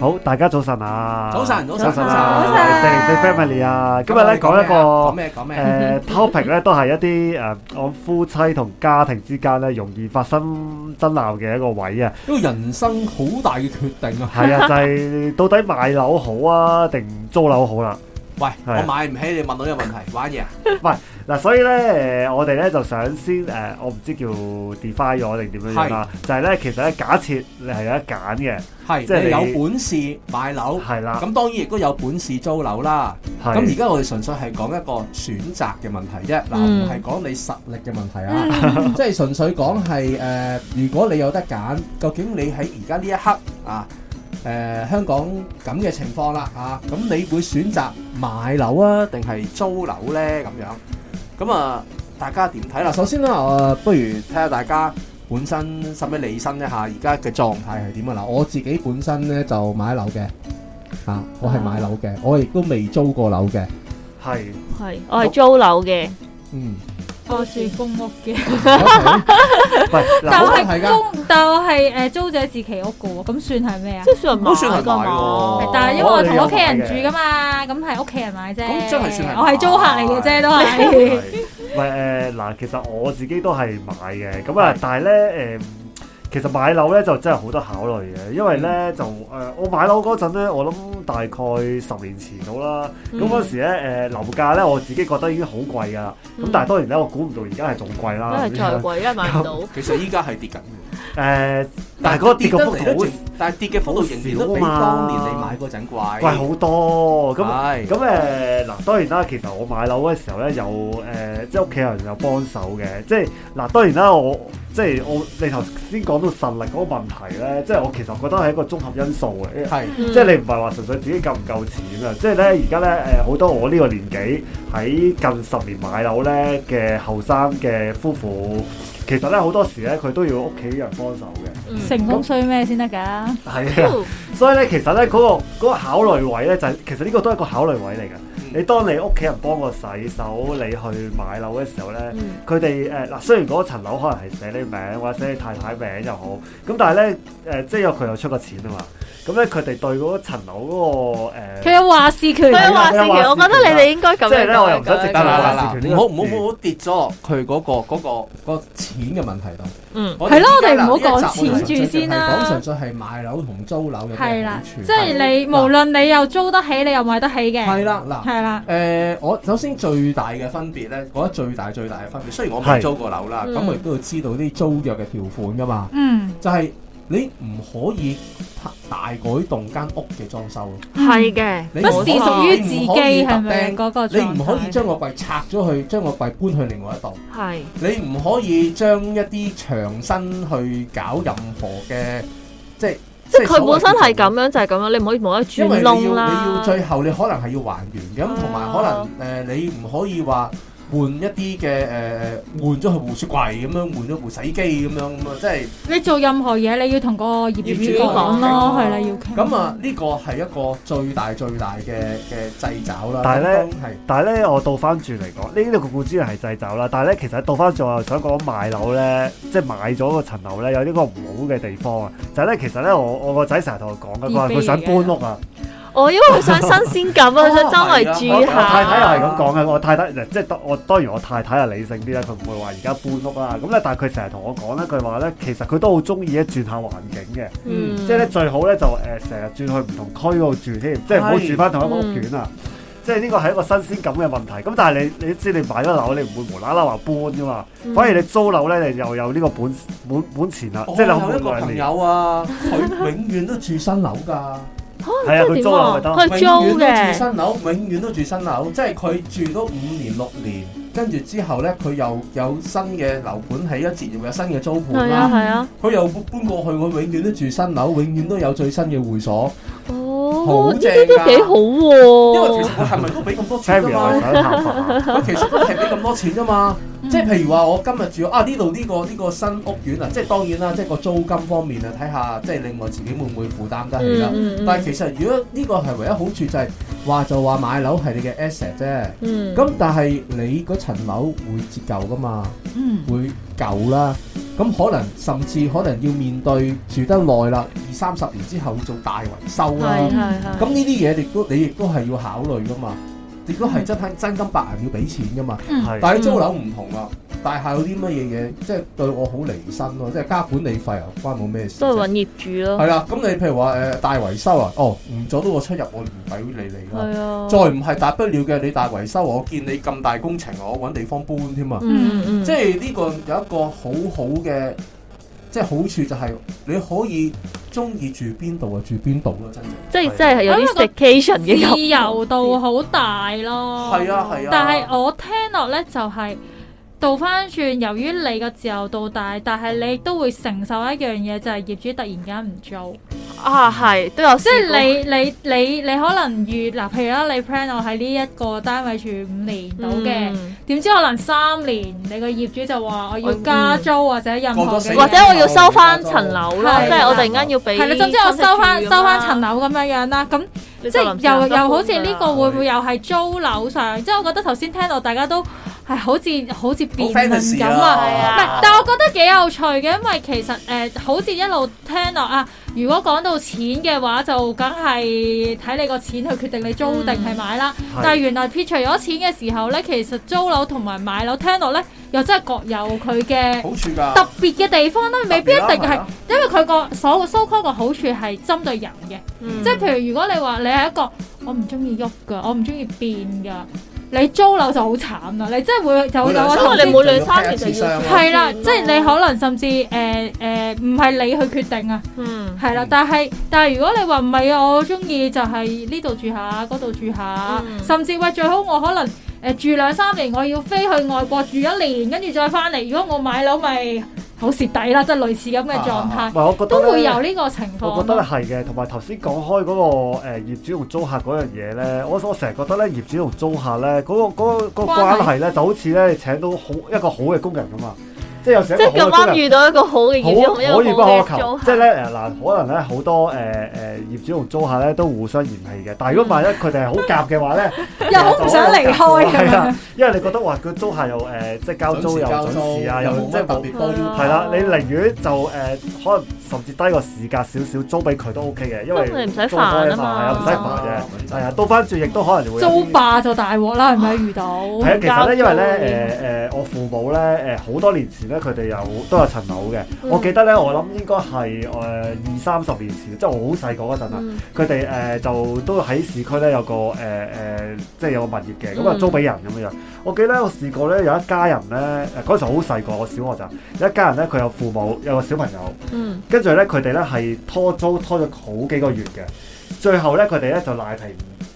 好，大家早晨啊！早晨，早晨，早晨，歡迎你 family 啊！今日咧講一個講咩講咩？誒，topic 咧都係一啲誒，我夫妻同家庭之間咧容易發生爭拗嘅一個位啊，因為人生好大嘅決定啊，係啊，就係到底買樓好啊，定租樓好啦？喂，我買唔起，你問到呢個問題，玩嘢啊？喂。嗱、啊，所以咧，誒，我哋咧就想先，誒、呃，我唔知叫 defy 咗定點樣啦、啊，是就係咧，其實咧，假設你係有得揀嘅，即係是有本事買樓，咁啦當然亦都有本事租樓啦。咁而家我哋純粹係講一個選擇嘅問題啫，嗱、嗯，唔係講你實力嘅問題啊，即係純粹講係誒，如果你有得揀，究竟你喺而家呢一刻啊，誒、呃、香港咁嘅情況啦嚇，咁、啊、你會選擇買樓啊，定係租樓呢？咁樣？咁啊，大家點睇啦？首先啦，我、啊、不如睇下大家本身，使至理身一下而家嘅狀態係點啊？嗱，我自己本身呢，就買樓嘅，啊，我係買樓嘅，我亦都未租過樓嘅，係、啊，係，我係租樓嘅，嗯。我算公屋嘅，唔係，但係公，但係誒租者自其屋嘅喎，咁算係咩啊？即係算買嘅嘛，但係因為我同屋企人住噶嘛，咁係屋企人買啫，我係租客嚟嘅啫，都係。唔係誒嗱，其實我自己都係買嘅，咁啊，但係咧誒。其實買樓咧就真係好多考慮嘅，因為咧就誒、呃、我買樓嗰陣咧，我諗大概十年前到啦，咁嗰時咧誒、呃、樓價咧我自己覺得已經好貴㗎啦，咁、嗯、但係當然咧我估唔到而家係仲貴啦，因為再貴都、啊、買唔到那。其實依家係跌緊。誒、呃，但係嗰跌嘅幅度，但係跌嘅幅度仍然、啊、都比當年你買嗰陣貴貴好多。咁咁誒，嗱是、呃，當然啦，其實我買樓嘅時候咧，有、呃、誒，即係屋企人有幫手嘅。即係嗱，當然啦，我即係我你頭先講到實力嗰個問題咧，即係我其實我覺得係一個綜合因素嚟嘅。係是，嗯、即係你唔係話純粹自己夠唔夠錢啊？即係咧，而家咧，誒，好多我呢個年紀喺近十年買樓咧嘅後生嘅夫婦。其實咧，好多時咧，佢都要屋企人幫手嘅。成功需咩先得㗎？係啊、嗯，所以咧，其實咧嗰、嗰個嗰個考慮位咧就係、是、其實呢個都係個考慮位嚟㗎。你當你屋企人幫我洗手，你去買樓嘅時候咧，佢哋，誒嗱，雖然嗰層樓可能係寫你名或者寫你太太名就好，咁但係咧，誒即係有佢又出過錢啊嘛。咁咧，佢哋對嗰層樓嗰個誒，佢有話事權，佢有話事權。我覺得你哋應該咁樣講。即係咧，我又唔想值得話事權呢個。唔好唔好唔好跌咗佢嗰個嗰個個錢嘅問題度。嗯，係咯，我哋唔好講錢住先啦。講純粹係買樓同租樓嘅區別。係啦，即係你無論你又租得起，你又買得起嘅。係啦，嗱，係啦。誒，我首先最大嘅分別咧，我覺得最大最大嘅分別。雖然我冇租過樓啦，咁我亦都要知道啲租約嘅條款噶嘛。嗯，就係。你唔可以大改動間屋嘅裝修，係嘅，你不是屬於自己係咪？你唔可以將個櫃拆咗去，將個櫃搬去另外一度。係你唔可以將一啲牆身去搞任何嘅，即係即係佢本身係咁樣就係咁樣，你唔可以冇得住窿啦。你要最後你可能係要還原嘅，咁同埋可能誒、呃，你唔可以話。換一啲嘅誒誒，換咗個胡雪櫃咁樣，換咗胡洗機咁樣咁啊。即係你做任何嘢，你要同個業、業主講咯，係啦聊，要傾。咁啊，呢、這個係一個最大最大嘅嘅掣肘啦。但係咧，但係咧，我倒翻轉嚟講，呢度個顧顧之人係掣肘啦。但係咧，其實倒翻轉又想講買樓咧，即係買咗個層樓咧，有呢個唔好嘅地方啊，就係、是、咧，其實咧，我我個仔成日同我講嘅佢話，佢想搬屋啊。啊我、哦、因為好想新鮮感、 哦、啊，想周圍住下。太太又係咁講嘅，我太太，即係我當然我太太係理性啲啦，佢唔會話而家搬屋啦。咁咧，但係佢成日同我講咧，佢話咧，其實佢都好中意咧轉一下環境嘅、嗯呃，即係咧最好咧就誒成日轉去唔同區度住添，即係唔好住翻同一個屋邨啊。嗯、即係呢個係一個新鮮感嘅問題。咁但係你你知你買咗樓，你唔會無啦啦話搬噶嘛。反而你租樓咧，你又有呢個本本本錢啦，哦、即係諗住兩年，我有一個朋友啊，佢永遠都住新樓㗎。 係啊，佢的租樓啊，佢租嘅。住新樓，永遠都住新樓，即係佢住咗五年六年，跟住之後咧，佢又有新嘅樓盤喺一自然有新嘅租盤係啊，係啊的。佢、嗯、又搬過去，佢永遠都住新樓，永遠都有最新嘅會所。哦，正好正，幾好。因為其實我係咪都俾咁多錢我其實都係俾咁多錢咋嘛。嗯、即係譬如話，我今日住啊呢度呢個呢、呢個新屋苑啊，即係當然啦，即係個租金方面啊，睇下即係另外自己會唔會負擔得起啦。嗯嗯、但係其實如果呢個係唯一好處就係、係、話就話買樓係你嘅 asset 啫。咁、嗯、但係你嗰層樓會折舊噶嘛，嗯、會舊啦。咁可能甚至可能要面對住得耐啦，二三十年之後做大維修啦。咁呢啲嘢亦都你亦都係要考慮噶嘛。如果係真係、嗯、真金白銀要俾錢噶嘛，嗯、但係租樓唔同啦、啊，嗯、大廈有啲乜嘢嘢，即係對我好離身咯、啊，即係加管理費又、啊、關我咩事、啊？都係揾業主咯。係啦、啊，咁你譬如話誒、呃、大維修啊，哦，唔阻到我出入，我唔抵你嚟啦。啊，再唔係大不了嘅你大維修，我見你咁大工程，我揾地方搬添、啊、嘛、嗯。嗯嗯嗯，即係呢個有一個好好嘅。即係好處就係你可以中意住邊度就住邊度咯，真係。即係有啲 vacation 自由度好大咯。係啊係啊。啊但係我聽落呢、就係，就係倒翻轉，由於你個自由度大，但係你都會承受一樣嘢，就係、係、業主突然間唔做。啊，係都有，即係你你你你可能預。嗱，譬如啦，你 plan 我喺呢一個單位住五年到嘅，點知可能三年，你個業主就話我要加租或者任何嘅，或者我要收翻層樓啦，即係我突然間要俾，係啦，總之我收翻收翻層樓咁樣樣啦，咁即係又又好似呢個會唔會又係租樓上？即係我覺得頭先聽到大家都。係好似好似辯論咁啊，係，但係我覺得幾有趣嘅，因為其實誒、呃，好似一路聽落啊，如果講到錢嘅話，就梗係睇你個錢去決定你租定係買啦。嗯、但係原來撇除咗錢嘅時候咧，其實租樓同埋買樓聽落咧，又真係各有佢嘅好處噶，特別嘅地方啦，未必一定係，啊啊、因為佢個所謂 so called 嘅好處係針對人嘅，嗯、即係譬如如果你話你係一個我唔中意喐噶，我唔中意變噶。嗯你租樓就好慘啦，你真係會就要啲，因為你兩三年就要，係啦，即係你可能甚至誒誒，唔係，呃，呃，你去決定啊，嗯，係啦，但係但係如果你話唔係啊，我中意就係呢度住下，嗰度住下，嗯、甚至話最好我可能。誒、呃、住兩三年，我要飛去外國住一年，跟住再翻嚟。如果我買樓，咪好蝕底啦，即係類似咁嘅狀態。都會有呢個情況。我覺得係嘅，同埋頭先講開嗰、嗰個誒、呃、業主同租客嗰樣嘢咧，我我成日覺得咧業主同租客咧嗰、嗰個嗰、嗰個嗰個嗰個關係咧，係就好似咧你請到好一個好嘅工人咁啊。即係有時即係咁啱遇到一個好嘅業主，咁又冇嘅租客。即係咧，嗱，可能咧好多誒誒業主同租客咧都互相嫌棄嘅。但係如果萬一佢哋係好夾嘅話咧，又唔想離開係啊。因為你覺得話佢租客又誒，即係交租又準時啊，又即係特別方便。係啦，你寧願就誒，可能甚至低個市價少少租俾佢都 OK 嘅，因為你唔使煩啊嘛，又唔使煩嘅。係啊，到翻轉亦都可能租霸就大鑊啦，係咪遇到？係啊，其實咧，因為咧，誒誒，我父母咧，誒好多年前佢哋有都有層樓嘅，我記得咧，我諗應該係誒二三十年前，即係我好細個陣啊，佢哋誒就都喺市區咧有個誒誒、呃呃、即係有個物業嘅，咁啊租俾人咁樣，我記得我試過咧，有一家人咧，嗰時候好細個，我小學就有一家人咧，佢有父母，有個小朋友，嗯，跟住咧佢哋咧係拖租拖咗好幾個月嘅，最後咧佢哋咧就賴皮。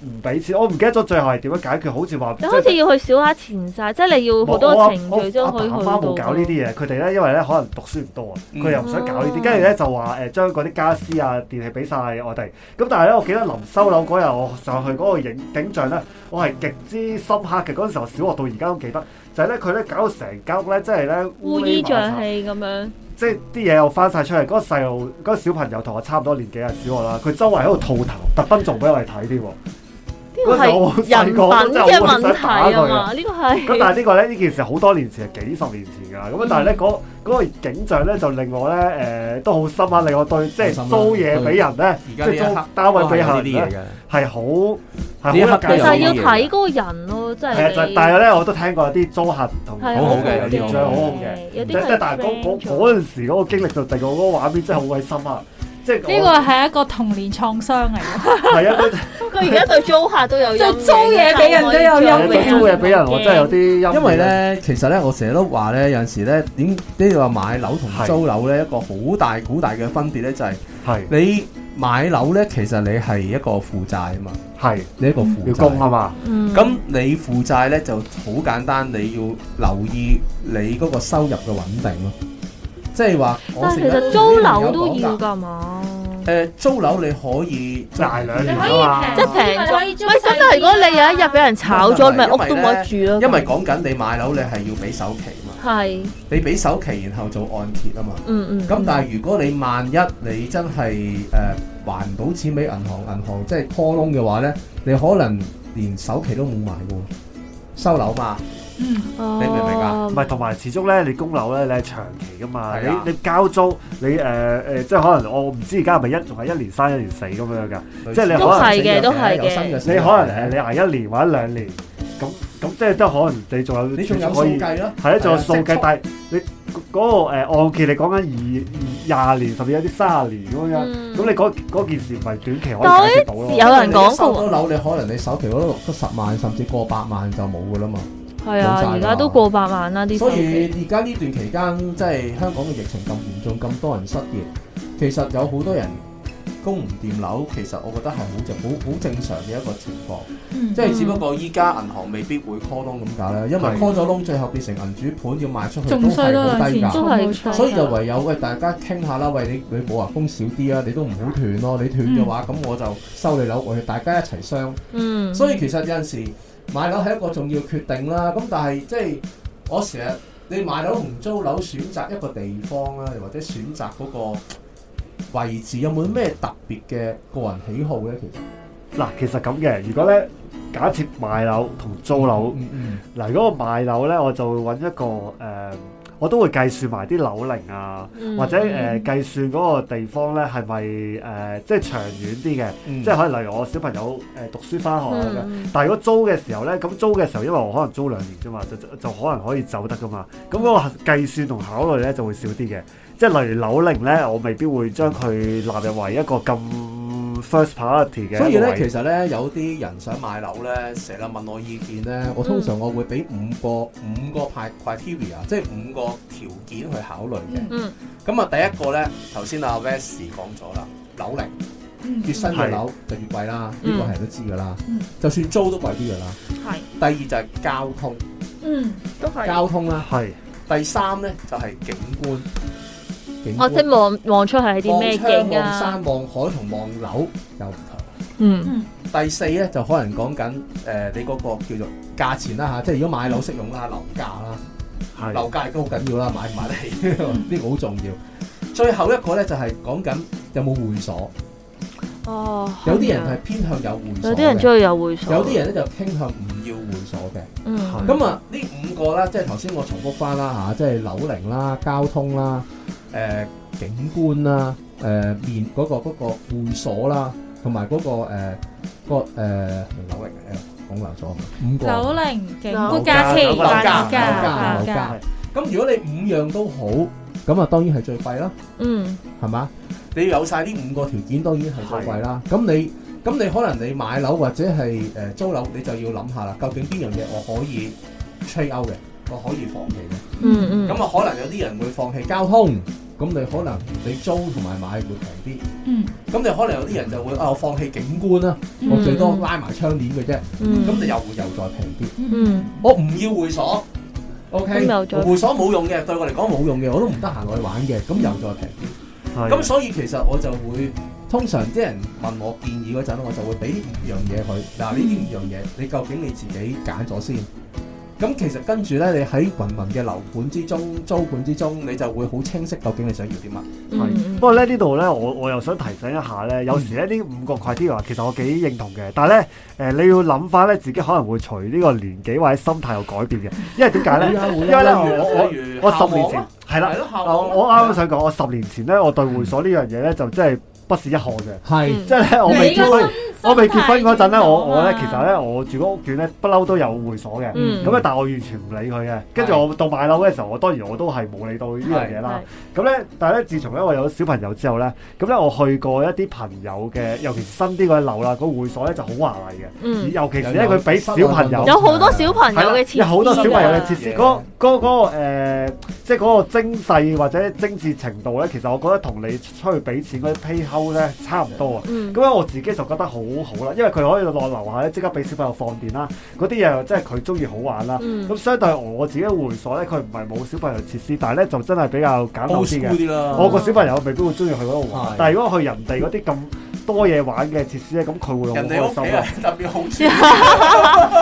唔俾錢，我唔記得咗最後係點樣解決，好似話，你好似要去小額錢債，嗯、即係你要好多程序先佢去阿爸阿媽冇搞呢啲嘢，佢哋咧因為咧可能讀書唔多、嗯、啊，佢又唔想搞呢啲，跟住咧就話誒、呃、將嗰啲家私啊電器俾晒我哋。咁但係咧，我記得臨收樓嗰日，我上去嗰個影景象咧，我係極之深刻嘅。嗰陣時候小學到而家都記得，就係咧佢咧搞到成間屋咧，即係咧烏煙瘴氣咁樣，即係啲嘢又翻晒出嚟。嗰個細路嗰個小朋友同我差唔多年紀啊，小學啦，佢周圍喺度吐痰，特登做俾我嚟睇添。 呢個係人品嘅問題啊嘛！呢個係咁，但係呢個咧，呢件事好多年前，係幾十年前㗎啦。咁但係咧，嗰個景象咧，就令我咧，誒，都好深刻。啊！令我對即係租嘢俾人咧，即係租單位俾客人咧，係好係好。其實要睇嗰個人咯，即係但係咧，我都聽過有啲租客同好好嘅，有啲相好好嘅。有啲即但係嗰嗰嗰陣時嗰個經歷就令我嗰個畫面真係好鬼深啊！呢個係一個童年創傷嚟嘅。係啊，佢而家對租客都有，對租嘢俾人都有陰影。 租嘢俾人，我真係有啲陰。因為咧，其實咧，我成日都話咧，有陣時咧，點呢個買樓同租樓咧，一個好大、好大嘅分別咧，就係，就係是，係你買樓咧，其實你係一個負債啊嘛。係是，你一個負債，要供係嘛？嗯。咁你，嗯、你負債咧就好簡單，你要留意你嗰個收入嘅穩定咯。即係話，我但其實租樓都要噶，嘛？誒、呃，租樓你可以大兩年噶嘛？可以即係平咗，喂，真係如果你有一日俾人炒咗，咪屋都冇得住咯。因為講緊你買樓，你係要俾首期嘛？係是。你俾首期，然後做按揭啊嘛？嗯嗯是。咁但係如果你萬一你真係誒、呃、還唔到錢俾銀行，銀行即係破窿嘅話咧，你可能連首期都冇埋噶喎，收樓嘛？嗯，你明唔明噶？唔係，同埋始終咧，你供樓咧，你係長期噶嘛？你你交租，你誒誒，即係可能我唔知而家係咪一，仲係一年生一年死咁樣噶？即係你都係嘅，都係嘅。你可能你捱一年或者兩年，咁咁即係都可能你仲有你仲有數計咯。係咧，仲有數計，但係你嗰個誒按揭嚟講緊二二廿年，甚至有啲卅年咁樣。咁你嗰件事唔係短期可以解決到咯。有人講供多樓，你可能你首期嗰度得十萬，甚至過百萬就冇噶啦嘛。係啊，而家都過百萬啦啲。所以而家呢段期間，即係香港嘅疫情咁嚴重，咁多人失業，其實有好多人供唔掂樓，其實我覺得係好正，好好正常嘅一個情況。嗯、即係只不過依家銀行未必會 call 窿咁解啦，因為 call 咗窿的，最後變成銀主盤要賣出去都，啊、以都係好低價。的所以就唯有喂、哎、大家傾下啦，喂，你你冇話供少啲啊，你都唔好斷咯。你斷嘅話，咁、嗯嗯、我就收你樓，我哋大家一齊商。嗯。所以其實有陣時。買樓係一個重要決定啦，咁但係即係我成日你買樓同租樓選擇一個地方啦，又或者選擇嗰個位置，有冇啲咩特別嘅個人喜好咧？其實嗱，其實咁嘅，如果咧假設買樓同租樓，嗱如果我買樓咧，我就會搵一個誒。我都會計算埋啲樓齡啊，嗯、或者誒、呃、計算嗰個地方咧係咪誒即係長遠啲嘅，嗯、即係可能例如我小朋友誒、呃、讀書返學啊、嗯、但係如果租嘅時候咧，咁租嘅時候因為我可能租兩年啫嘛，就就，就可能可以走得㗎嘛。咁、那、嗰個計算同考慮咧就會少啲嘅，即係例如樓齡咧，我未必會將佢納入為一個咁。first party 嘅，所以咧其實咧有啲人想買樓咧，成日問我意見咧，嗯、我通常我會俾五個五個派 criteria，即係五個條件去考慮嘅。嗯，咁啊、嗯、第一個咧，頭先阿 West 講咗啦，樓齡越新嘅樓是就越貴啦，呢、這個係都知嘅啦。就算租都貴啲嘅啦。係、嗯。第二就係交通。嗯，都係。交通啦。係是、嗯。第三咧就係景觀。我、啊、即望望出去係啲咩景啊望？望山、望海同望樓又唔同。嗯，第四咧就可能講緊誒，你嗰個叫做價錢啦吓，即係如果買樓適用啦，樓價啦，樓價亦都好緊要啦，買唔買得起呢個好重要。最後一個咧就係講緊有冇會所。哦，有啲人係偏向有會所，有啲人中意有會所，有啲人咧就傾向唔要會所嘅。嗯，咁啊，呢五個啦，即係頭先我重複翻啦吓，即係樓齡啦、交通啦。誒、呃，景觀啦，誒、呃，面嗰、那個嗰、那個會所啦，同埋嗰個誒，個、呃、誒，九零誒，講流咗。五個九零，獨家，獨家，獨家，獨家。咁如果你五樣都好，咁啊當然係最貴啦。嗯，係嘛？你要有晒呢五個條件，當然係最貴啦。咁的你，咁你可能你買樓或者係誒租樓，你就要諗下啦。究竟邊樣嘢我可以 trade out 嘅？我可以放棄嘅、嗯，嗯嗯，咁啊可能有啲人會放棄交通，咁你可能你租同埋買會平啲，嗯，咁你可能有啲人就會啊我放棄景觀啦，嗯，我最多拉埋窗簾嘅啫，嗯，咁你又會又再平啲，嗯，我唔要會所，嗯，OK，會所冇用嘅，對我嚟講冇用嘅，我都唔得閒去玩嘅，咁又再平啲，係，咁所以其實我就會通常啲人問我建議嗰陣，我就會俾五樣嘢佢，嗱，呢五樣嘢，你究竟你自己揀咗先？咁其實跟住咧，你喺芸芸嘅樓盤之中、租盤之中，你就會好清晰究竟你想要啲乜。係，不過咧呢度咧，我我又想提醒一下咧，有時咧呢五個快啲話，其實我幾認同嘅，但係咧誒你要諗翻咧自己可能會隨呢個年紀或者心態有改變嘅，因為點解咧？因為咧我我我十年前係啦，我啱啱想講，我十年前咧，我對會所呢樣嘢咧，就即係。不是一項嘅，係即係咧，我未結婚，我未結婚嗰陣咧，我我咧其實咧，我住嗰屋苑咧，不嬲都有會所嘅，咁啊，但係我完全唔理佢嘅。跟住我到買樓嘅時候，我當然我都係冇理到呢樣嘢啦。咁咧，但係咧，自從咧我有小朋友之後咧，咁咧我去過一啲朋友嘅，尤其新啲嘅樓啦，個會所咧就好華麗嘅，尤其是咧佢俾小朋友有好多小朋友嘅設施，有好多小朋友嘅設施，嗰嗰個即係嗰個精細或者精緻程度咧，其實我覺得同你出去俾錢嗰啲配合，咧差唔多啊，咁樣我自己就覺得好好啦，因為佢可以落樓下咧即刻俾小朋友放電啦。嗰啲嘢又真係佢中意好玩啦。咁相對我自己嘅會所咧，佢唔係冇小朋友設施，但係咧就真係比較簡陋啲嘅。我個小朋友未必會中意去嗰度玩，但係如果去人哋嗰啲咁多嘢玩嘅設施咧，咁佢會好開心嘅。特別好笑，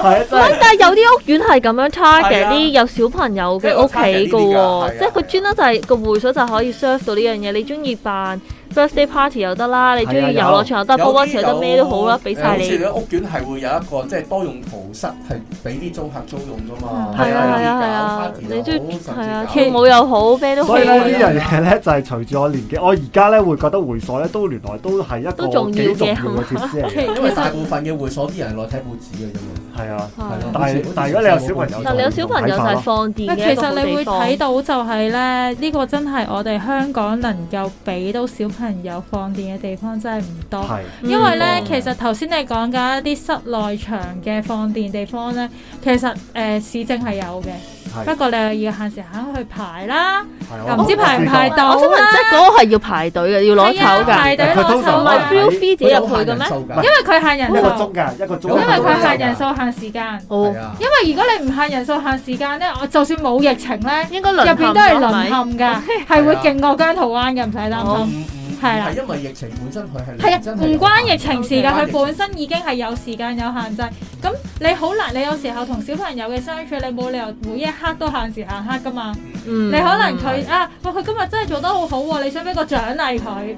係啊！但係有啲屋苑係咁樣 target 啲有小朋友嘅屋企嘅喎，即係佢專登就係個會所就可以 serve 到呢樣嘢。你中意扮？Birthday party 又得啦，你中意遊樂場又得，波波池又得，咩都好啦，俾晒你。好似屋苑係會有一個即係多用途室，係俾啲租客租用㗎嘛。係啊係啊係啊，你中意係啊跳舞又好，咩都好。所以呢樣嘢咧就係隨住我年紀，我而家咧會覺得會所咧都原來都係一個幾重要嘅設施，因為大部分嘅會所啲人來睇報紙嘅啫嘛。係啊，但係但係，如果你有小朋友，嗱，你有小朋友就係放電。其實你會睇到就係咧，呢個真係我哋香港能夠俾到小朋友放電嘅地方真係唔多。因為咧，其實頭先你講緊一啲室內場嘅放電地方咧，其實誒市政係有嘅，不過你又要限時肯去排啦，又唔知排唔排到啦。即係嗰個係要排隊嘅，要攞籌㗎。排隊攞籌，係要付費入去嘅咩？因為佢限人數，一個鐘。因為佢限人數，限時間，oh. 因為如果你唔限人數、限時間咧，我就算冇疫情咧，入邊都係淪陷噶，係是會勁、oh. 過姜濤灣嘅唔使擔心。係啦、oh. 的，因為疫情本身佢係係啊，唔關疫情事噶，佢本身已經係有時間有限制。咁你好難，你有時候同小朋友嘅相處，你冇理由每一刻都限時限刻噶嘛。嗯、你可能佢、嗯、啊，哇，佢今日真係做得好好喎，你想俾個獎勵佢？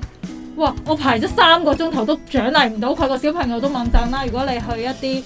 哇，我排咗三個鐘頭都獎勵唔到佢個小朋友都掹震啦。如果你去一啲。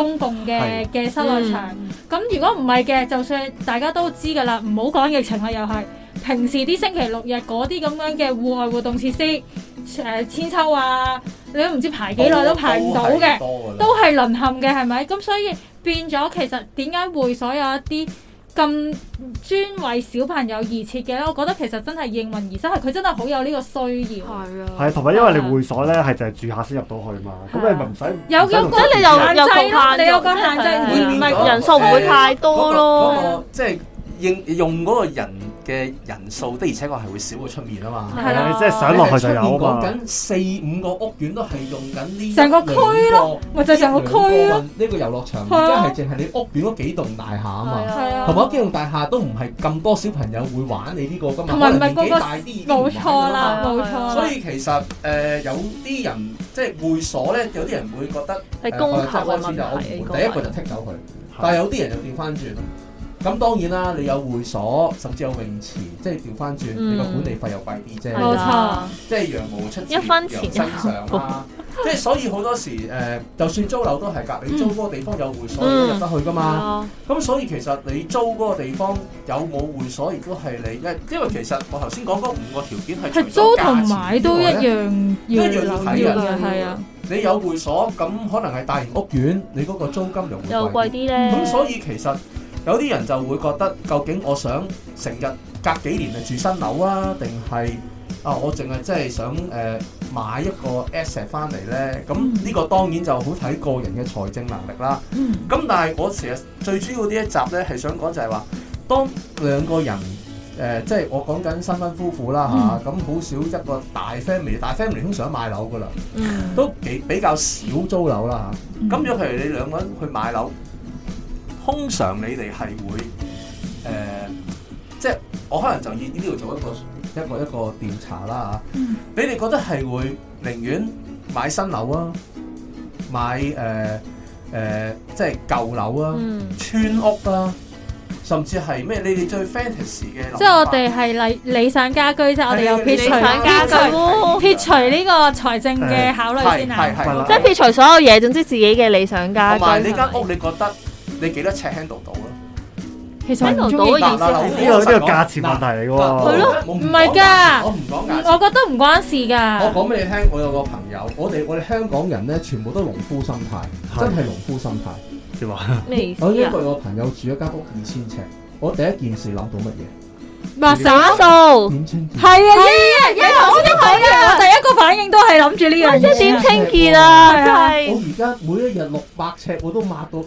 公共嘅嘅室內場，咁、嗯、如果唔係嘅，就算大家都知㗎啦，唔好講疫情啦，又係平時啲星期六日嗰啲咁樣嘅戶外活動設施，誒、呃、千秋啊，你都唔知排幾耐都排唔到嘅，都係淪陷嘅係咪？咁所以變咗，其實點解會所有一啲？咁專為小朋友而設嘅咯，我覺得其實真係應運而生，佢真係好有呢個需要。係啊，係啊，同埋因為你會所咧，係就係住客先入到去嘛，咁你咪唔使有有個限制咯，有個限制唔係人數唔會太多咯，即係應用嗰個人。嘅人數的，而且確係會少過出面啊嘛，即係上落去就有。我講緊四五個屋苑都係用緊呢個，成個區咯，咪就係成個區咯。呢個遊樂場唔單係淨係你屋苑嗰幾棟大廈啊嘛，同埋啲幾棟大廈都唔係咁多小朋友會玩你呢個噶嘛，年紀大啲冇錯啦，冇錯。所以其實誒有啲人即係會所咧，有啲人會覺得誒，即係我先就我第一個就剔走佢，但係有啲人就調翻轉，咁當然啦，你有會所，甚至有泳池，即係調翻轉，你個管理費又貴啲啫。冇錯，即係羊毛出。一分錢正常貨嘛，即係所以好多時誒，就算租樓都係㗎，你租嗰個地方有會所，你入得去噶嘛。咁所以其實你租嗰個地方有冇會所，亦都係你，因為其實我頭先講嗰五個條件係。係租同買都一樣要要睇嘅，係啊。你有會所咁，可能係大型屋苑，你嗰個租金又貴啲咧。咁所以其實。有啲人就會覺得，究竟我想成日隔幾年嚟住新樓啊？定係啊，我淨係真係想誒、呃、買一個 asset 翻嚟咧？咁呢個當然就好睇個人嘅財政能力啦。咁但係我其實最主要呢一集咧係想講就係話，當兩個人誒、呃、即係我講緊新婚夫婦啦嚇，咁好、嗯啊、少一個大 family，大 family 都想買樓噶啦，都幾比較少租樓啦嚇。咁如果譬如你兩個人去買樓。通常你哋係會誒，即係我可能就以呢度做一個一個一個調查啦吓。你哋覺得係會寧願買新樓啊，買誒誒，即係舊樓啊，村屋啊，甚至係咩？你哋最 fantasy 嘅，即係我哋係理理想家居啫，我哋有撇除家居，撇除呢個財政嘅考慮先係，即係撇除所有嘢，總之自己嘅理想家居。同呢間屋，你覺得？你幾多尺輕度到咯？其實輕度到嘅意思係呢個呢個價錢問題嚟嘅喎，係咯，唔係㗎，我唔講，我覺得唔關事㗎。我講俾你聽，我有個朋友，我哋我哋香港人咧，全部都農夫心態，真係農夫心態。點話？咩意思啊？我一句，我朋友住一間屋二千尺，我第一件事諗到乜嘢？抹砂數點清潔？係啊，依啊依啊，我一講嘢，我第一個反應都係諗住呢樣嘢。即點清潔啊？我而家每一日六百尺，我都抹到。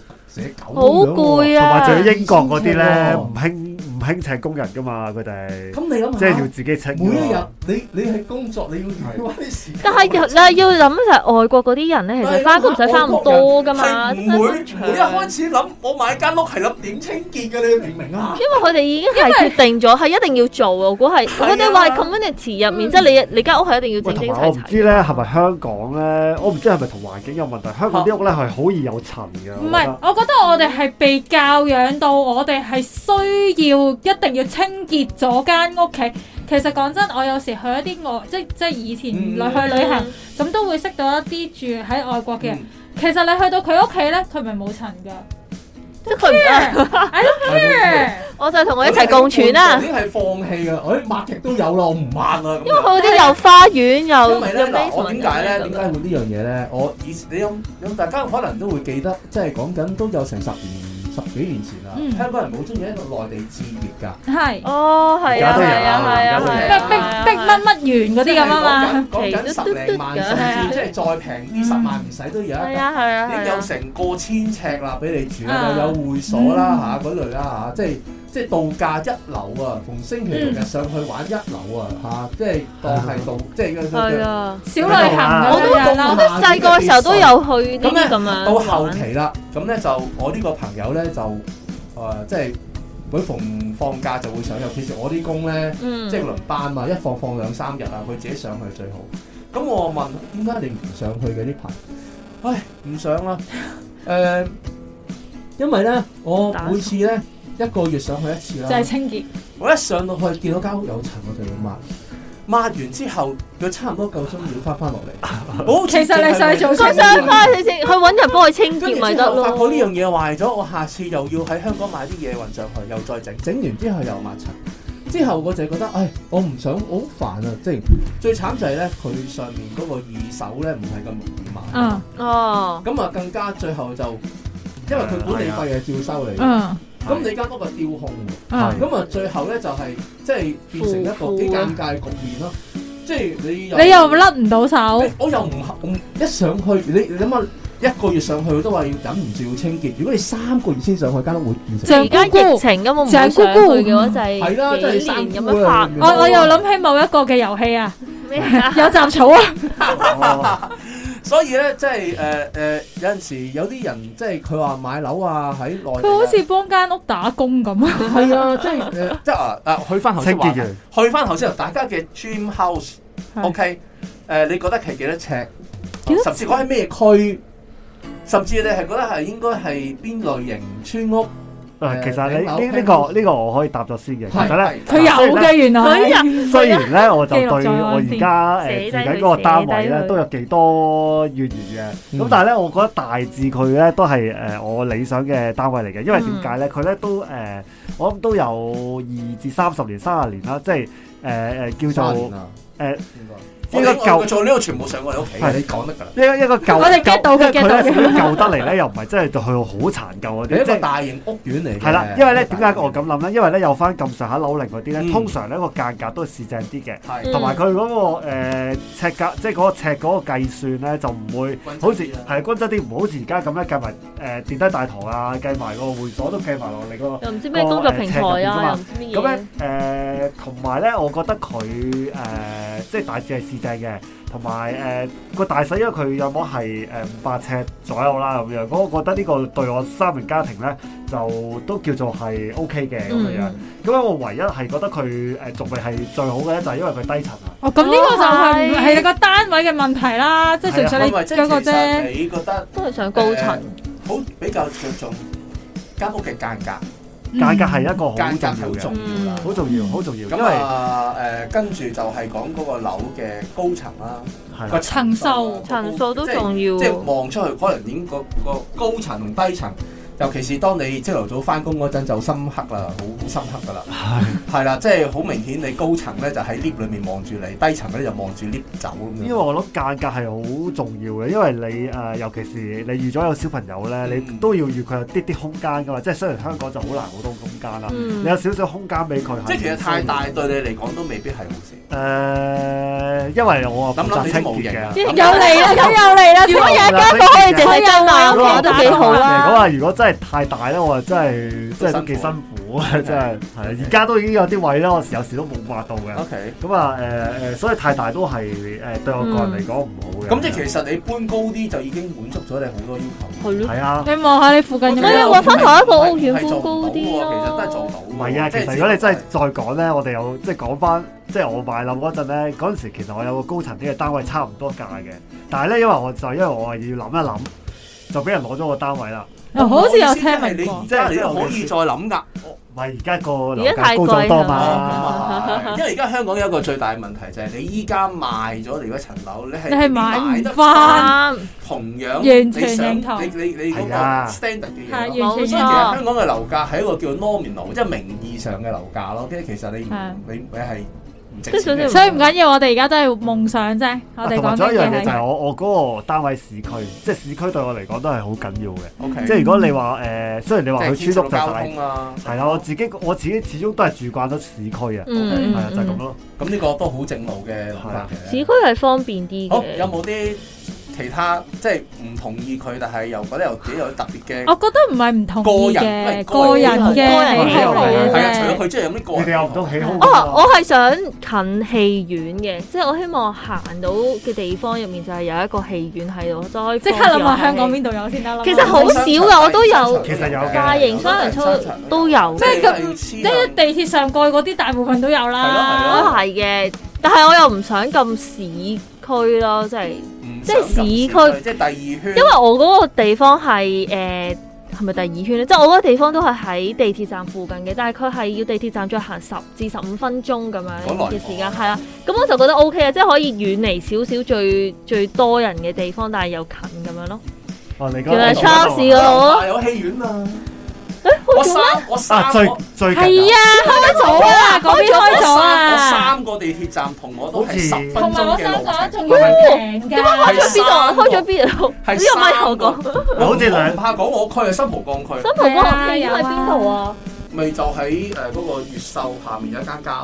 好攰累啊！同埋仲有英國嗰啲咧，唔興。請工人噶嘛佢哋，即係要自己清。每一日你你喺工作你要做翻啲事。但係又你要諗住外國嗰啲人咧，其實返工唔使返咁多噶嘛。唔會，你一開始諗我買間屋係諗點清潔嘅，你明唔明啊？因為佢哋已經係決定咗，係一定要做啊！如果係，佢哋話 community 入面，即係你你間屋係一定要整整洗洗。同埋我唔知咧，係咪香港咧？我唔知係咪同環境有問題。香港啲屋咧係好易有塵嘅。唔係，我覺得我哋係被教養到，我哋係需要。一定要清潔咗間屋企。其實講真，我有時去一啲外，即即係以前去旅行，咁、嗯、都會識到一啲住喺外國嘅人。嗯、其實你去到佢屋企咧，佢咪冇塵㗎，即佢唔係。我就同佢一齊共存啦。係放棄㗎。誒，抹極都有啦，我唔抹啦。因為佢嗰啲又花園又。我點解咧？點解會呢樣嘢咧？我以你大家可能都會記得，即係講緊都有成十年。十幾年前啦，香港人好中意一個內地置業㗎，係，哦係啊，係啊，逼逼逼乜乜園嗰啲咁啊嘛，講緊十零萬甚至即係再平啲十萬唔使都有一間，你有成個千尺啦俾你住，又有會所啦嚇嗰類啦嚇，即係。即係度假一流啊！逢星期六日上去玩一流啊！吓、嗯啊，即係當係度，的即係嗰個小旅行。嗯、都我都覺得細個嘅時候都有去呢啲咁樣。到後期啦，咁咧就我呢個朋友咧就誒、呃，即係每逢放假就會上，尤其是我啲工咧，嗯、即係輪班啊，一放放兩三日啊，佢自己上去最好。咁我問：「點解你唔上去嘅呢排？唉，唔上啦。誒、呃，因為咧，我每次咧。算一個月上去一次啦，就係清潔。我一上到去見到間屋有塵，我就要抹。抹完之後佢差唔多夠鐘要翻翻落嚟。 哦，其實你想做清潔，去搵人幫佢清潔咪得咯。發覺呢樣嘢壞咗，我下次又要喺香港買啲嘢運上去，又再整。整完之後又抹塵，之後我就覺得，唉、哎，我唔想，好煩啊！ 即係最慘就係咧，佢上面嗰個二手咧，唔係咁容易買。哦、啊，咁啊，啊更加最後就因為佢管理費係照收嚟。嗯、啊。啊啊啊咁你間屋嘅調控，咁啊最後咧就係即係變成一個幾尷尬局面咯。即係你又你又甩唔到手，我又唔合。一上去你你諗下一個月上去都話要忍唔住要清潔。如果你三個月先上去，間屋會變成。就而家疫情咁，冇人上去嘅話就係。係啦，就係三年咁樣發。我我又諗起某一個嘅遊戲啊，有雜草啊。所以咧，即係誒誒，有陣時有啲人即係佢話買樓啊，喺內地，啊，佢好似幫間屋打工咁啊。係啊， 即係誒，即係啊啊，清去翻頭先話去翻頭先大家嘅 dream house，OK，是、okay，誒、呃，你覺得佢幾多尺？多尺甚至講係咩區，甚至你係覺得係應該係邊類型村屋？其實呢呢呢個呢個我可以答咗先嘅。其實咧，佢有嘅，原來。雖然咧，我就對我而家誒自己嗰個單位咧都有幾多怨言嘅。咁、嗯、但係咧，我覺得大致佢咧都係誒我理想嘅單位嚟嘅。因為點解咧？佢咧都誒、呃，我諗都有二至三十年、三十年啦。即係誒誒，叫做誒。呢個舊做呢、哦、個全部上過我你屋企，係你講得㗎啦。呢個一個舊，我哋 get 到佢嘅。因為呢舊得嚟咧，又唔係真係就係好殘舊嗰啲，即係大型屋苑嚟。係啦，因為咧點解我咁諗咧？因為咧有翻咁上下樓齡嗰啲咧，呢嗯、通常咧個間隔都係市正啲嘅，同埋佢嗰個誒尺格，即係嗰個尺嗰個計算咧，就唔會好似係均質啲，唔好似而家咁樣計埋誒電梯大堂啊，計埋個會所都計埋落嚟咯。個那個、又唔知咩工作平台啊、呃？咁咧誒，同埋咧，我覺得佢誒即係大致係市。嘅，同埋誒個大細，因為佢有冇係誒五百尺左右啦咁樣。咁我覺得呢個對我三名家庭咧，就都叫做係 OK 嘅咁、嗯、樣。咁我唯一係覺得佢誒仲未係最好嘅咧，就係因為佢低層啊。哦，咁呢個就係係個單位嘅問題啦，嗯、即係純粹你嗰個啫。你覺得都係上高層，呃、好比較著重間屋嘅間隔。價格係一個好重要嘅，好重要、嗯、重要，好重要。咁啊，誒跟住就係講嗰個樓嘅高層啦、啊，個層數、啊，層數都重要。即係望出去，可能點個個高層同低層。尤其是當你朝頭早翻工嗰陣就深刻啦，好深刻噶啦，係啦，即係好明顯，你高層咧就喺 lift 裏面望住你，低層嗰啲就望住 lift 走咁樣。因為我諗間隔係好重要嘅，因為你誒，尤其是你預咗有小朋友咧，你都要預佢有啲啲空間噶嘛，即係雖然香港就好難好多空間啦，你有少少空間俾佢。即係其實太大對你嚟講都未必係好事。誒，因為我話諗就清潔嘅。又嚟啦！又嚟啦！今日今日可以做到咁，幾好啊！我話如果真係。太大咧，我話真係真係都幾辛苦，真係係而家都已經有啲位咧，我時有時都冇劃到嘅。OK，咁啊誒誒，所以太大都係誒對我個人嚟講唔好嘅。咁即係其實你搬高啲就已經滿足咗你好多要求。係咯，係啊。你望下你附近有冇啊？翻台一個屋苑高啲其實做唔係啊，其實如果你真係再講咧，我哋有即係講翻，即係我買樓嗰陣咧，嗰陣時其實我有個高層啲嘅單位，差唔多價嘅。但係咧，因為我就因為我啊要諗一諗。就俾人攞咗個單位啦！我好似有聽係你，即係你可以再諗噶。唔係而家個樓價高咗多嘛？因為而家香港有一個最大問題就係你依家賣咗你嗰層樓，你係賣得翻同樣。完全認同。係啊！香港嘅樓價係一個叫 nominal，即係名義上嘅樓價咯。即係其實你你你係。所以唔緊要，我哋而家都係夢想啫。我哋講一樣一樣嘢就係我我嗰個單位市區，即係市區對我嚟講都係好緊要嘅。O K，即係如果你話誒，雖然你話佢村屋就係，係啦，我自己我自己始終都係住慣咗市區啊。O K，係啊，就係咁咯。咁呢個都好正路嘅。市區係方便啲嘅。好，有冇啲？其他即係唔同意佢，但係又覺得有自有特別嘅。我覺得唔係唔同意嘅，個人嘅，個人嘅係啊，除咗佢中意咁啲，個你哋有好、那個？哦，我係想近戲院嘅，即係我希望行到嘅地方入面就係有一個戲院喺度，即刻諗下香港邊度有先得啦。其實好少㗎，我都有。其實有大型商場都有，即係咁，即係地鐵上蓋嗰啲大部分都有啦。係嘅，但係我又唔想咁市。區咯，即係即係市區，即係第二圈。因為我嗰個地方係誒係咪第二圈咧？即係我嗰個地方都係喺地鐵站附近嘅，但係佢係要地鐵站再行十至十五分鐘咁樣嘅時間，係啦。咁我就覺得 O K 啊，即係可以遠離少少最最多人嘅地方，但係又近咁樣咯。原來 Charles 有戲院啊！我三我三我最近係啊開咗啦，開咗啊。三個地鐵站同我都係十分鐘嘅路，點解開咗邊度啊？開咗邊度？係沙頭港，好似梁柏港，我區係新蒲崗區，新蒲崗區喺邊度啊？咪就喺誒嗰個越秀下面有一間家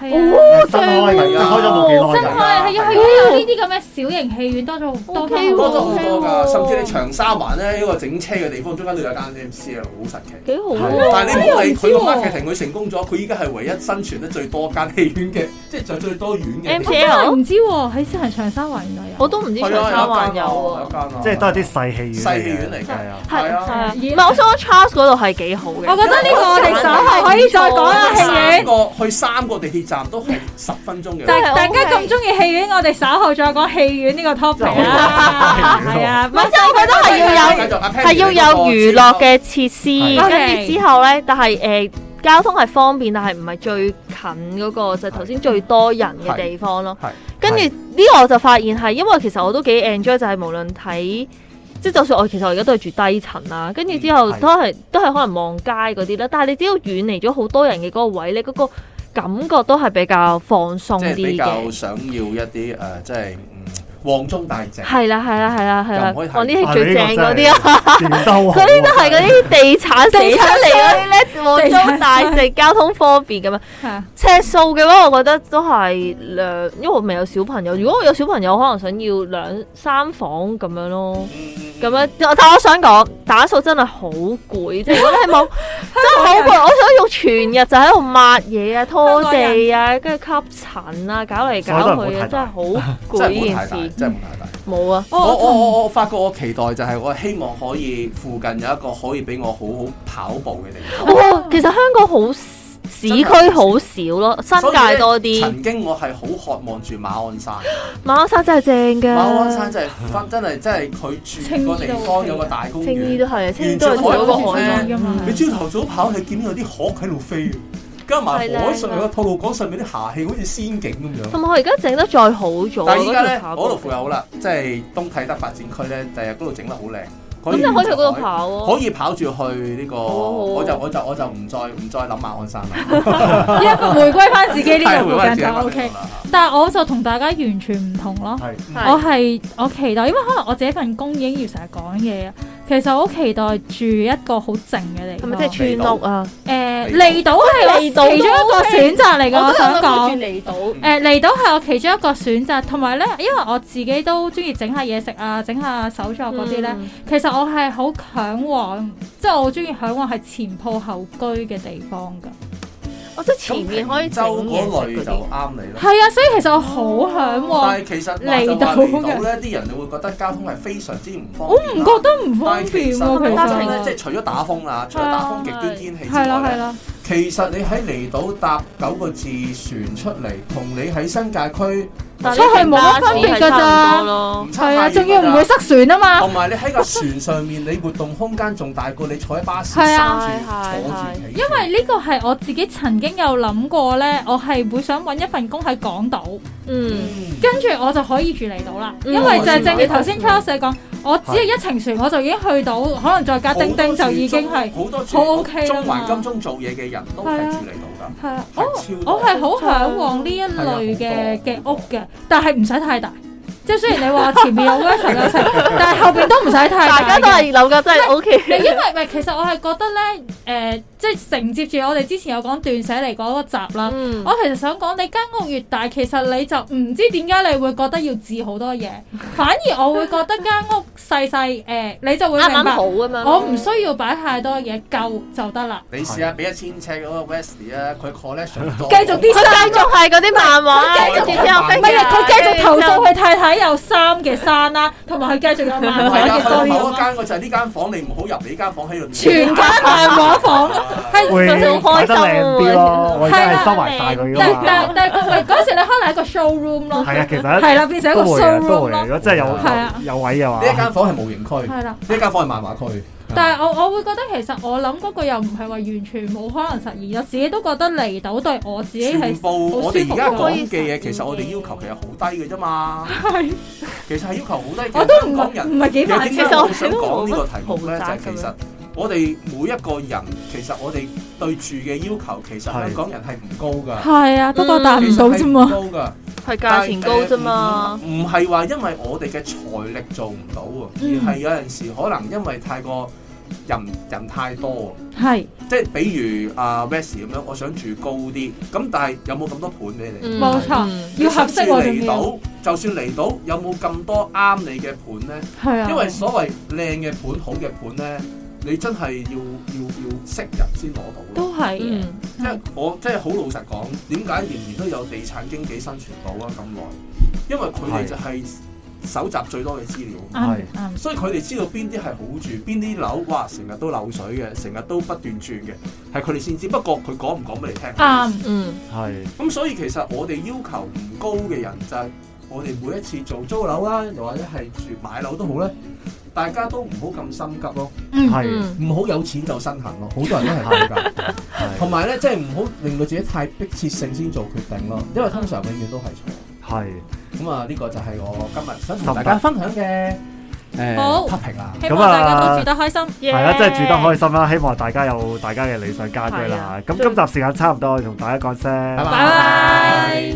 係啊，新開係啊，新開咗冇幾耐，係啊，係啊，係啊，有呢啲咁嘅小型戲院多咗好多，多咗好多噶，甚至你長沙灣咧呢個整車嘅地方中間都有間 MCL，好神奇，幾好啊！但係你冇係佢個 marketing 佢成功咗，佢依家係唯一生存得最多間戲院嘅，即係就最多院嘅 MCL。唔知喺先係長沙灣我都唔知其他還有啊，即係都係啲細戲細戲院嚟㗎啊。係啊，唔係我想講 Charles 嗰度係幾好嘅。我覺得呢個我哋稍後可以再講啦，戲院。去三個去三個地鐵站都係十分鐘嘅。就係大家咁中意戲院，我哋稍後再講戲院呢個 topic 啦。係啊，唔係即係我覺得係要有係要有娛樂嘅設施，跟住之後咧，但係誒交通係方便，但係唔係最近嗰個就係頭先最多人嘅地方咯。跟住呢個我就發現係，因為其實我都幾 enjoy，就係、是、無論睇即係就算我其實我而家都係住低層啦，跟住之後都係、嗯、都係可能望街嗰啲啦。但係你只要遠離咗好多人嘅嗰個位，你嗰個感覺都係比較放鬆啲，比較想要一啲誒，即、呃、係。就是旺中帶靜，係啦係啦係啦係啦，嗰啲係最正嗰啲啊！嗰、這、啲、個、 都係嗰啲地產地出嚟嗰啲咧，旺中帶靜，交通方便咁啊，呎數嘅話，我覺得都係兩，因為我未有小朋友。如果我有小朋友，可能想要兩三房咁樣咯。咁樣，但我想講打掃真係好攰，即係我係冇， 人真係好攰。我想用全日就喺度抹嘢啊、拖地啊、跟住吸塵啊、搞嚟搞去啊，真係好攰呢件事。真係冇太大，冇啊！哦、我我我我，我發覺我期待就係我希望可以附近有一個可以俾我好好跑步嘅地方。哦、 其實香港好。市區好少咯，新界多啲。曾經我係好渴望住馬鞍山，馬鞍山真係正嘅。馬鞍山、就是、真係翻真係真係佢住個地方有個大公園，青衣都係，青衣都係海港嘅嘛。嗯、你朝頭早跑你見到有啲鶴喺度飛，加埋海上個吐露港上面啲霞氣好似仙境咁樣。同埋我而家整得再好咗。但係而家嗰度附近好啦，即、就、係、是、東啟德發展區咧，第日嗰度整得好靚。咁就可以喺嗰度跑咯，可以跑住去呢個，oh。我就我就我就唔再唔再諗馬鞍山啦，一個回歸翻自己呢個空間就 OK, okay。 但係我就同大家完全唔同咯， 我係我期待，因為可能我自己份工已經要成日講嘢啊。其實好期待住一個好靜嘅地方，係咪即係村屋啊？誒，離島係我其中一個選擇嚟嘅。我想講。誒，離島係我其中一個選擇，同埋咧，因為我自己都中意整下嘢食啊，整下手作嗰啲咧。嗯、其實我係好向往，即係我中意向往係前鋪後居嘅地方㗎。得咁周嗰類就啱你咯。係啊、嗯，所、嗯、以其實我好響喎。離島咧，啲人你會覺得交通係非常之唔方便。我唔覺得唔方便喎、啊。其實咧，即係、啊、除咗打風啊，嗯、除咗打風極端天氣之外咧，啊啊啊啊、其實你喺離島搭九個字船出嚟，同你喺新界區。出去冇乜分別噶咋，係啊，仲要唔會塞船啊嘛。同埋你喺個船上面，你活動空間仲大過你坐喺巴士。係啊，係係係。因為呢個係我自己曾經有諗過咧，我係會想揾一份工喺港島。嗯，跟住我就可以住嚟到啦。因為就係正如頭先 Claire 講，我只係一程船我就已經去到，可能再加叮叮就已經係好 OK 啦。中環金鐘做嘢嘅人都係住嚟到。係啊，哦、我我係好向往呢一類嘅嘅屋嘅，但係唔使太大，即係 雖然你話前面有寬敞嘅， 但係後邊都唔使太大， 大家都係樓價真係 O K。 因為唔係，其實我係覺得咧，誒、呃。即係承接住我哋之前有講斷捨離嗰集啦，我其實想講你間屋越大，其實你就唔知點解你會覺得要置好多嘢，反而我會覺得間屋細細誒你就會啱啱好咁嘛。我唔需要擺太多嘢，夠就得啦。你試下俾一千尺嗰個 Westie 啊，佢 collection 繼續啲細個，繼續係嗰啲漫畫，繼續之後佢繼續投訴佢太太有三嘅山啦，同埋佢繼續有唔係啦，佢頭一間就係呢間房，你唔好入你間房喺度，全間漫畫房係，總之睇得靚啲咯，係收埋晒佢咯。但但但嗰時你可能係個 showroom 咯，係啊，其實係，係啦，變成一個 showroom 咯，如果真係有有位有啊。呢一間房係模型區，係啦，呢一間房係漫畫區。但係我我會覺得其實我諗嗰個又唔係話完全冇可能實現啊，自己都覺得嚟到對我自己係，全部我哋而家講嘅嘢，其實我哋要求其實好低嘅啫嘛。係，其實係要求好低。我都唔唔係幾現實。我想講呢個題目咧，就係其實。我哋每一個人，其實我哋對住嘅要求，其實香港人係唔高噶係啊、嗯呃，不過達唔到啫嘛。係價錢高啫嘛，唔係話因為我哋嘅財力做唔到啊，嗯、而係有陣時可能因為太過人人太多啊。係、嗯，即係比如阿 West 咁樣，我想住高啲，咁但係有冇咁多盤俾你？冇錯，要合適我到。就算嚟到，有冇咁多啱你嘅盤咧？係啊、嗯，因為所謂靚嘅盤、好嘅盤咧。你真係要要要識人先攞到咯，都係是，嗯，即係、嗯、我即係好老實講，點解仍然都有地產經紀生存到啊咁耐？因為佢哋就係搜集最多嘅資料，係是，所以佢哋知道邊啲係好住，邊啲樓哇成日都漏水嘅，成日都不斷轉嘅，係佢哋先知。不過佢講唔講俾你聽？啱、嗯，嗯，係。咁所以其實我哋要求唔高嘅人就係、是。我哋每一次做租樓啦，又或者係住買樓都好咧，大家都唔好咁心急咯，係唔好有錢就身痕咯，好多人都係咁噶，係同埋咧，即係唔好令到自己太迫切性先做決定咯，因為通常永遠都係錯。係咁啊，呢個就係我今日想同大家分享嘅，誒，測評啊，咁啊，大家都住得開心，係啦，即係住得開心啦，希望大家有大家嘅理想家居啦。咁今集時間差唔多，同大家講聲，拜拜。